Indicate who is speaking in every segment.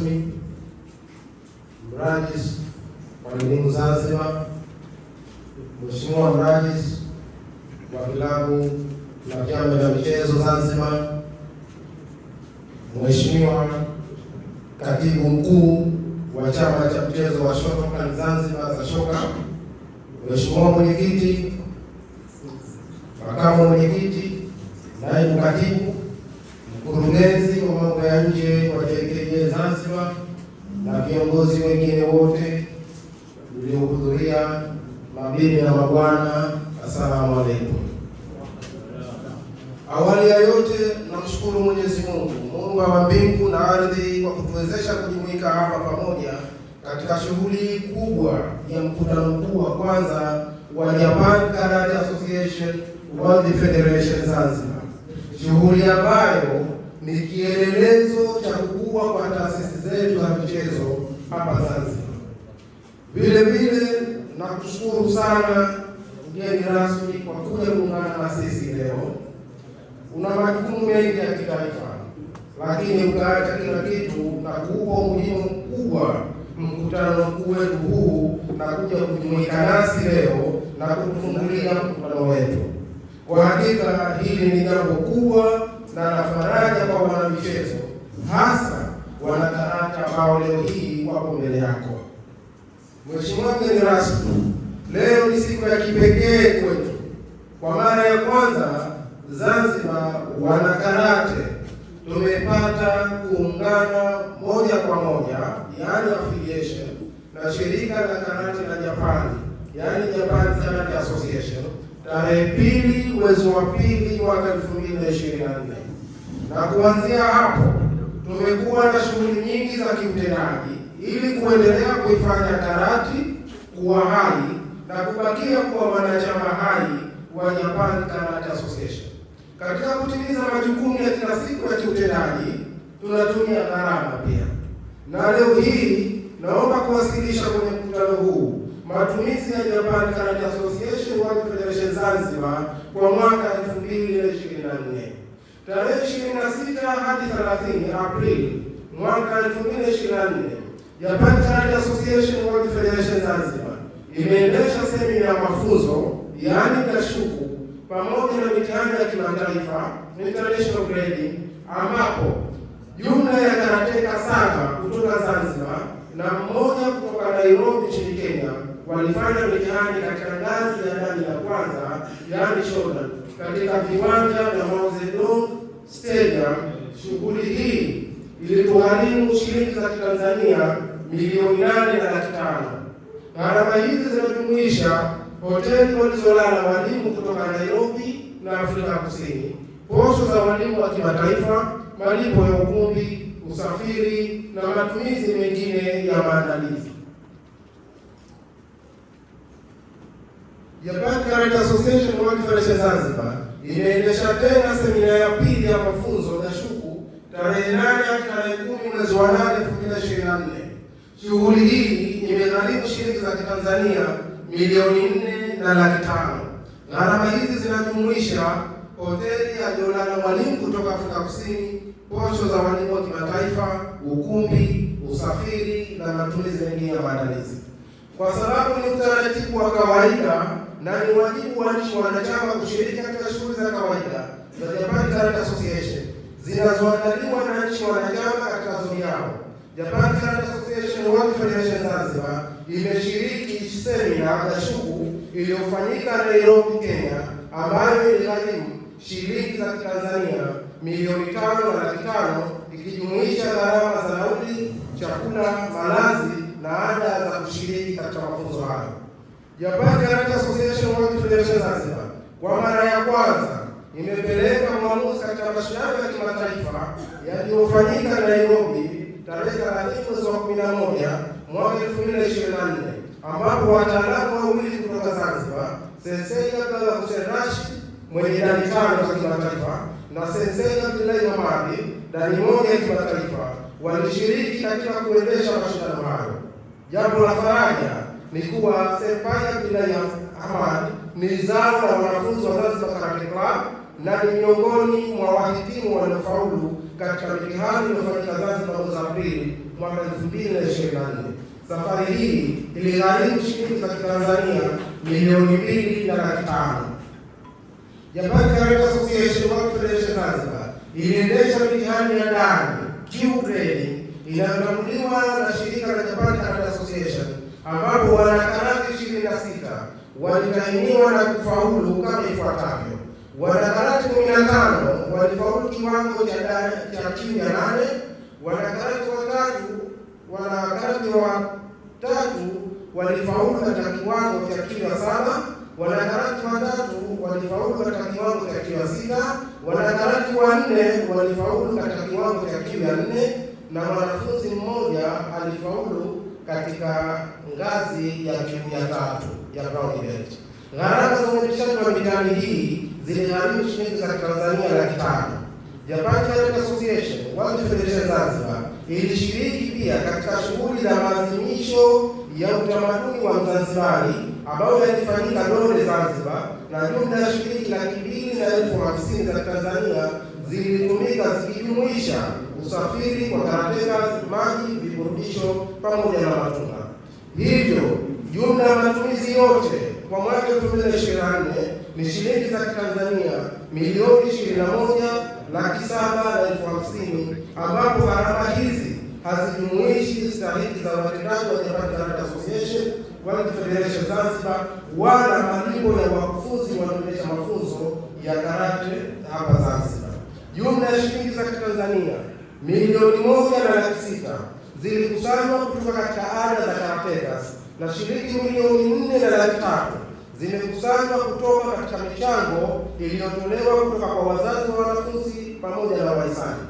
Speaker 1: rasmi mrajis wa elimu Zanzibar, Mheshimiwa mrajis wa vilabu na vyama vya michezo Zanzibar, Mheshimiwa katibu mkuu wa chama cha mchezo wa shotokan Zanzibar za shoka, Mheshimiwa mwenyekiti, makamu mwenyekiti, naibu katibu, mkurugenzi wa mambo ya nje wa Mwenyewe Zanzibar na viongozi wengine wote mliohudhuria, mabibi na mabwana, assalamu alaikum. Awali ya yote namshukuru Mwenyezi Mungu muumba wa mbingu na ardhi kwa kutuwezesha kujumuika hapa pamoja katika shughuli kubwa ya mkutano mkuu wa kwanza wa Japan Karate Association World Federation Zanzibar, shughuli ambayo ni kielelezo cha kukua kwa taasisi zetu za michezo hapa Zanzibar. Vile vile nakushukuru sana mgeni rasmi kwa kuja kuungana na sisi leo. Una majukumu mengi ya kitaifa, lakini ukaacha kila kitu na kuupa umuhimu mkubwa mkutano wetu huu na kuja kujumuika nasi leo na kutufungulia mkutano wetu. Kwa hakika hili ni jambo kubwa na la faraja kwa wanamichezo hasa wanataraja ambao leo hii wapo mbele yako. Mheshimiwa mgeni rasmi, leo ni siku ya kipekee kwetu. Kwa mara ya kwanza Zanzibar wanakarate tumepata kuungana moja kwa moja, yani affiliation na shirika la karate la Japani, yani Japan Karate Association tarehe pili mwezi wa pili mwaka 224 na kuanzia hapo tumekuwa na shughuli nyingi za kiutendaji ili kuendelea kuifanya Karati kuwa hai na kubakia kuwa wanachama hai wa Japan Karate Association. Katika kutimiza majukumu ya kila siku ya kiutendaji, tunatumia gharama pia, na leo hii naomba kuwasilisha kwenye mkutano huu matumizi ya Japan Karate Association World Federation Zanzibar kwa mwaka 2024 tarehe 26 hadi 30 Aprili mwaka 2024, Japan Child Association World Federation Zanzibar imeendesha semina ya mafunzo yaani kashuku pamoja na mitihani ya kimataifa international grading, ambapo jumla ya karateka saba kutoka Zanzibar na mmoja kutoka Nairobi nchini Kenya walifanya mitihani katika ngazi ya ndani ya kwanza, yaani shodan katika viwanja vya Mao Zedong Stadium, shughuli hii ilitugharimu shilingi za Kitanzania milioni nane na laki tano. Gharama hizi zinajumuisha hoteli walizolala walimu kutoka Nairobi na Afrika Kusini, posho za walimu wa kimataifa, malipo ya ukumbi, usafiri na matumizi mengine ya maandalizi. Japan Charity Association World Federation Zanzibar Nimeendesha tena semina ya pili ya mafunzo shuku tarehe nane hadi tarehe kumi mwezi wa nane elfu mbili na ishirini na nne. Shughuli hii imegharimu shilingi za Kitanzania milioni nne na laki tano. Gharama hizi zinajumuisha hoteli ya mwalimu kutoka Afrika Kusini, posho za walimu wa kimataifa, ukumbi, usafiri na matumizi mengine ya maandalizi. Kwa sababu ni utaratibu wa kawaida na ni wajibu wa nchi wanachama kushiriki katika shughuli za kawaida za Japan Karate Association zinazoandaliwa na nchi wanachama katika zoni yao. Japan Karate Association World Federation Zanzibar imeshiriki semina shughu iliyofanyika Nairobi, Kenya, ambayo iligharimu shilingi za Kitanzania milioni tano na laki tano ikijumuisha gharama za nauli, chakula, malazi na ada za kushiriki katika mafunzo hayo. Japan kuiwakilisha Zanzibar. Kwa mara ya kwanza nimepeleka mwamuzi katika mashindano ya kimataifa yaliyofanyika Nairobi tarehe 30 mwezi wa 11 mwaka 2024 ambapo wataalamu wawili kutoka Zanzibar, Sensei Abdalla Hussein Rashid mwenye dani tano za kimataifa na Sensei Abdullahi Mamadi dani moja ya kimataifa walishiriki katika kuendesha mashindano hayo. Jambo la faraja ni kuwa Senpai Abdullahi Ahmad ni zao la wanafunzi wa Zanzibar Karate Club na ni miongoni mwa wahitimu waliofaulu katika mitihani iliyofanyika Zanzibar mwezi Aprili mwaka 2024. Safari hii iligharimu shilingi za Kitanzania milioni mbili na laki tano. Japan Karate Association World Federation Zanzibar iliendesha mitihani ya ndani Q grade inayotambuliwa na shirika la Japan Karate Association ambapo wanakarate 26 walitainiwa na kufaulu kama ifuatavyo: wanakarati 15 walifaulu kiwango cha chini ya nane, wanakarati watatu wanakarati watatu walifaulu katika kiwango cha chini ya saba, wanakarati watatu walifaulu katika kiwango cha chini ya sita, wanakarati wanne walifaulu katika kiwango cha chini ya nne na mwanafunzi mmoja alifaulu katika ngazi ya juu ya tatu ya Crown Event. Gharama za uendeshaji wa mitihani hii ziligharimu shilingi za Tanzania laki tano. Japan Kennel Association World Federation Zanzibar ilishiriki pia katika shughuli za maadhimisho ya utamaduni wa Mzanzibari ambayo yalifanyika Dole Zanzibar, na jumla ya shilingi laki mbili na elfu hamsini za Tanzania zilitumika zikijumuisha usafiri kwa karateka, maji, viburudisho pamoja na matunda hivyo yote kwa mwaka 2024 ni shilingi za Kitanzania milioni 21 laki saba na elfu hamsini ambapo gharama hizi hazijumuishi stahiki za watendaji wa Japan Karate Association World Federation Zanzibar wala malipo ya wakufunzi wanaoendesha mafunzo ya karate hapa Zanzibar. Jumla ya shilingi za Kitanzania milioni moja na laki sita zilikusanywa kutoka katika ada za karatekas na shilingi milioni nne na laki tatu zimekusanywa kutoka katika michango iliyotolewa kutoka kwa wazazi wa wanafunzi pamoja na wahisani.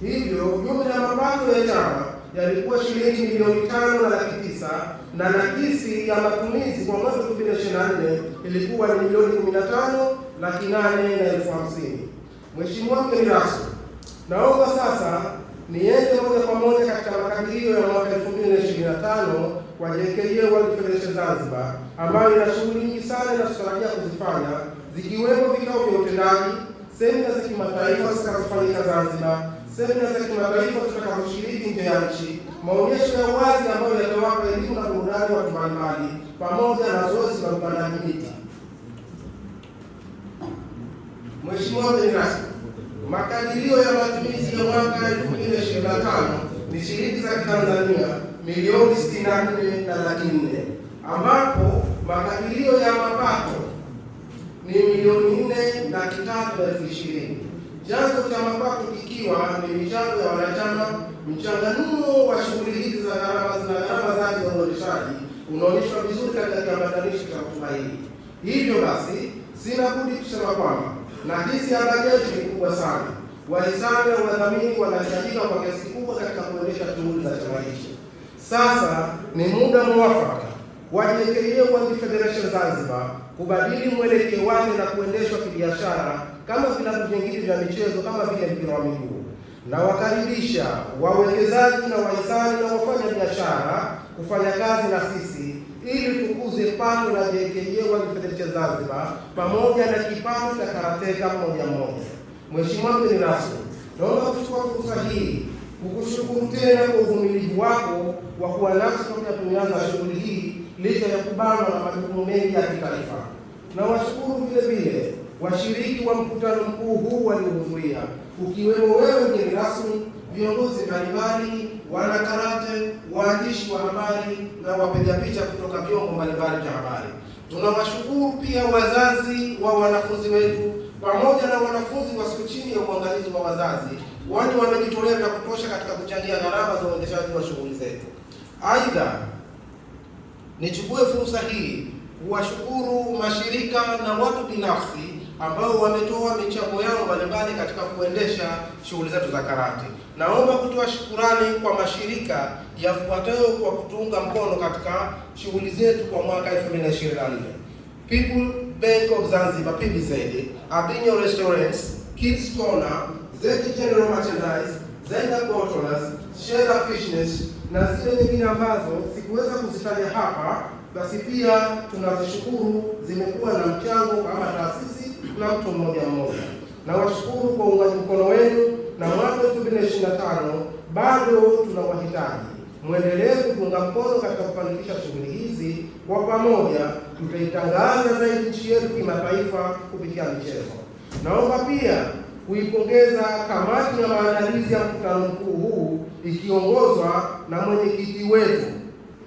Speaker 1: Hivyo jumla ya mapato ya chama yalikuwa shilingi milioni tano na laki tisa na nakisi ya matumizi kwa mwaka nne ilikuwa ni milioni 15 laki nane na elfu hamsini. Mheshimiwa mgeni rasmi, naomba sasa niende moja kwa moja katika makadirio ya mwaka tano kwa JKIA World Federation Zanzibar ambayo ina shughuli nyingi sana inazotarajia kuzifanya zikiwemo vikao vya utendaji, semina za kimataifa zitakazofanyika Zanzibar, semina za kimataifa zitakazoshiriki nje ya nchi, maonyesho ya wazi ambayo yatawapa elimu na burudani watu mbalimbali, pamoja na zoezi la upandaji miti. Mheshimiwa mgeni rasmi Makadirio ya matumizi ya mwaka 2025 ni shilingi za Kitanzania milioni 64 na laki ambapo makadirio ya mapato ni milioni 4 na tatu elfu ishirini. Chanzo cha mapato kikiwa ni michango ya wanachama. Mchanganuo wa shughuli hizi za gharama na gharama zake za uendeshaji unaonyeshwa vizuri katika kiambatanisho cha hotuba hii. Hivyo basi, sina budi kusema kwamba na hizi bajeti ni kubwa sana. Wahisani na wadhamini wanahitajika kwa kiasi kikubwa katika kuendesha shughuli za chama hicho. Sasa ni muda mwafaka wa JKIA Uwanzi Federation Zanzibar kubadili mwelekeo wake na kuendeshwa kibiashara kama vilabu vingine vya michezo kama vile mpira wa miguu, na wakaribisha wawekezaji na wahisani na wafanya biashara kufanya kazi na sisi ili tukuze pango la JKA Waqf Federation Zanzibar pamoja na kipango cha karateka mmoja mmoja. Mheshimiwa mgeni rasmi, naomba kuchukua fursa hii kukushukuru tena kwa uvumilivu wako wa kuwa nasi toka tumeanza shughuli hii licha ya kubanwa na majukumu mengi ya kitaifa. Na washukuru vile vile washiriki wa mkutano mkuu huu waliohudhuria, ukiwemo wewe mgeni rasmi, viongozi mbalimbali wanakarate, waandishi wa habari na wapiga picha kutoka vyombo mbalimbali vya habari. Tunawashukuru pia wazazi wa wanafunzi wetu pamoja na wanafunzi wa siku chini ya uangalizi wa wazazi, wani wamejitolea vya kutosha katika kuchangia gharama za uendeshaji wa shughuli zetu. Aidha, nichukue fursa hii kuwashukuru mashirika na watu binafsi ambao wametoa michango yao mbalimbali katika kuendesha shughuli zetu za karate. Naomba kutoa shukurani kwa mashirika yafuatayo kwa kutuunga mkono katika shughuli zetu kwa mwaka 2024: People Bank of Zanzibar PBZ, Abinyo Restaurants, Kids Corner, Zed General Merchandise, Zenda Bottlers, Shera Fishness na zile nyingine ambazo sikuweza kuzitaja hapa, basi pia tunazishukuru, zimekuwa na mchango ama taasisi na mtu mmoja mmoja. Nawashukuru kwa uungaji mkono wenu, na mwaka tano bado tunawahitaji. Mwendelee kutunga mkono katika kufanikisha shughuli hizi. Kwa pamoja, tutaitangaza zaidi nchi yetu kimataifa kupitia michezo. Naomba pia kuipongeza kamati ya maandalizi ya mkutano mkuu huu ikiongozwa na mwenyekiti wetu,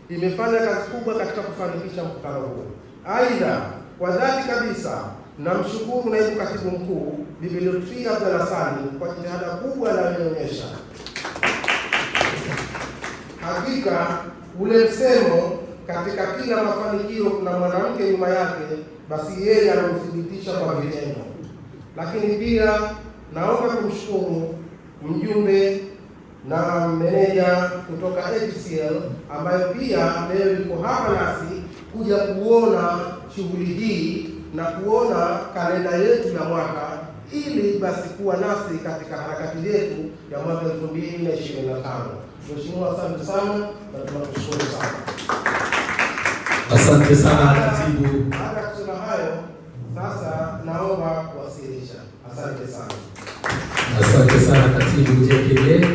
Speaker 1: imefanya kazi kubwa katika kufanikisha mkutano huu. Aidha, kwa dhati kabisa Namshukuru naibu katibu mkuu Bibi Lutfia kwa jitihada kubwa anayoonyesha. Hakika ule msemo katika kila mafanikio kuna mwanamke nyuma yake, basi yeye anauthibitisha kwa vitendo. Lakini pia naomba kumshukuru mjumbe na meneja kutoka HCL ambayo pia leo yuko hapa nasi kuja kuona shughuli hii na kuona kalenda yetu ya mwaka ili basi kuwa nasi katika harakati yetu ya mwaka 2025. Mheshimiwa, asante sana na tunakushukuru sana.
Speaker 2: Asante sana katibu.
Speaker 1: Baada ya kusema hayo, sasa naomba kuwasilisha. Asante sana,
Speaker 2: asante sana katibu JKT.